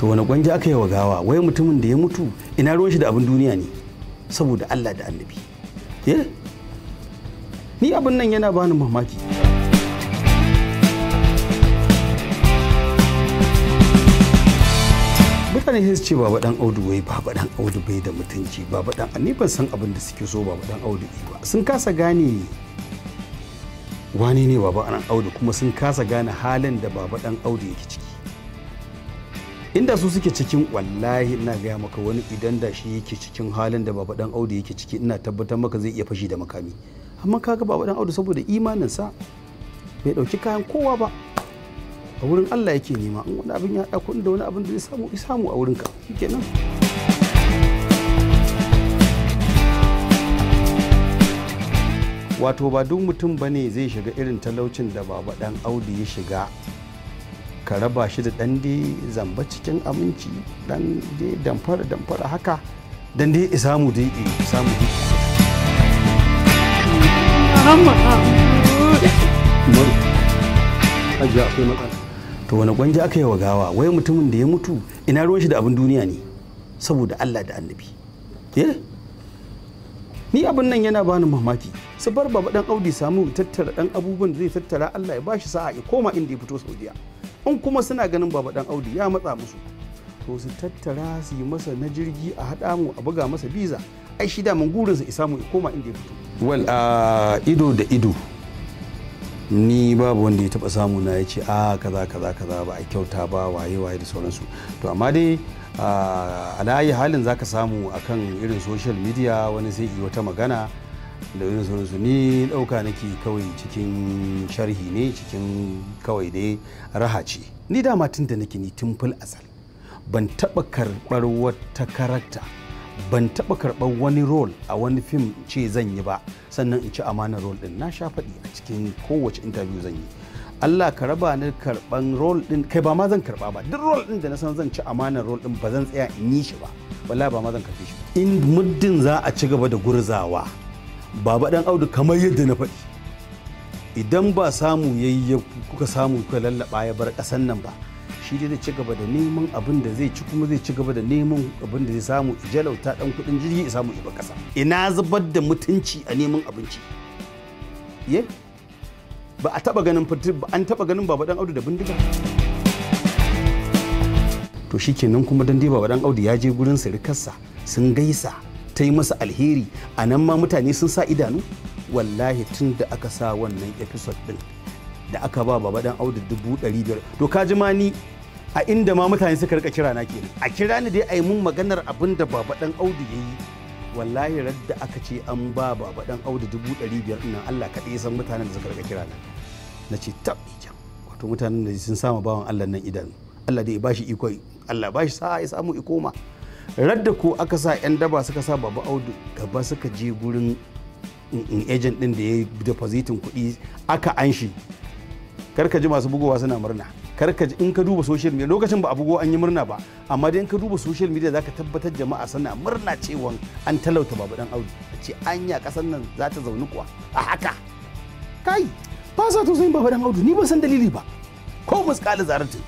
to wani gwanja aka yi wa gawa wai mutumin da ya mutu ina ruwan shi da abin duniya ne saboda Allah da annabi eh? ni abin nan yana bani mamaki mutane sai su ce baba dan audu wai baba dan audu bai da mutunci baba dan ni ban san abin da suke so baba dan audu ba sun kasa gane wani ne baba dan audu kuma sun kasa gane halin da baba dan audu yake ciki inda su suke cikin wallahi ina gaya maka wani idan da shi yake cikin halin da baba dan audu yake ciki ina tabbatar maka zai iya fashi da makami amma kaga baba dan audu saboda imaninsa bai dauki kayan kowa ba a wurin Allah yake nema in wani abin ya haɗa kuɗin da wani abin da zai samu ya samu a wurinka shikenan wato ba duk mutum bane zai shiga irin talaucin da baba dan audu ya shiga ka raba shi da dan dai zamba cikin aminci dan dai damfara damfara haka dan dai mu dai isamu isa ajiya akwai matsala to wani gwanji aka yi wa gawa wai mutumin da ya mutu ina ruwan shi da abin duniya ne saboda Allah da annabi eh? ni abin nan yana bani mamaki su bar baba dan audi samu tattara dan abubuwan da zai tattara Allah ya bashi sa'a ya koma inda ya fito Saudiya in kuma suna ganin baba dan audi ya matsa musu to su tattara su yi masa na jirgi a haɗa mu a buga masa biza ai shi daman su isa mu koma inda ya fito well uh, ido da ido ni babu wanda ya taba samu na yace a kaza kaza kaza ba a kyauta ba waye waye da sauransu to amma dai a layi halin zaka samu akan irin social media wani zai yi wata magana da yin sauransu ni ɗauka nake kawai cikin sharhi ne cikin kawai dai raha ce ni dama tun da nake ni tun asal ban taɓa karɓar wata karakta ban taɓa karɓar wani rol a wani fim ce zan yi ba sannan in ci amanar rol ɗin na sha faɗi a cikin kowace interview zan yi Allah ka raba ni karɓan rol ɗin kai ba ma zan karɓa ba duk rol ɗin da na san zan ci amanar rol ɗin ba zan tsaya in yi shi ba wallahi ba ma zan karɓi shi in muddin za a ci gaba da gurzawa baba dan audu kamar yadda na faɗi idan ba samu yayi kuka samu kuka lallaba ya bar ƙasan nan ba shi dai zai ci gaba da neman abin da zai ci kuma zai ci gaba da neman abin da zai samu jalauta dan kudin jirgi ya samu iba ƙasa ina zubar da mutunci a neman abinci ye ba a taba ganin an taba ganin baba dan audu da bindiga to shikenan kuma dan dai baba dan audu ya je gurin sirikarsa sun gaisa ta yi masa alheri a nan ma mutane sun sa idanu wallahi tun da aka sa wannan episode din da aka ba baba dan audu dubu ɗari biyar to ka ji ma ni a inda ma mutane suka rika kira na ke a kira ni dai a yi mun maganar abin da baba dan audu ya yi wallahi radda aka ce an ba baba dan audu dubu ɗari biyar ina Allah kaɗai ya san mutanen da suka rika kira na na ce tab wato mutanen da sun sama bawan Allah nan idanu Allah dai ya bashi iko Allah bashi sa'a ya samu ikoma radda ko aka sa 'yan daba suka sa babu audu gaba suka je gurin mm, mm, agent din da ya yi depositin kuɗi aka an shi karka ji masu bugowa suna murna karka ji in ka duba social media lokacin ba a bugo an yi murna ba amma dai in ka duba social media zaka tabbatar jama'a suna murna cewa an talauta babu dan audu a ce anya kasan nan za ta zauni kuwa a haka kai ba sa to yin babu dan audu ni ban san dalili ba ko muskali zaratin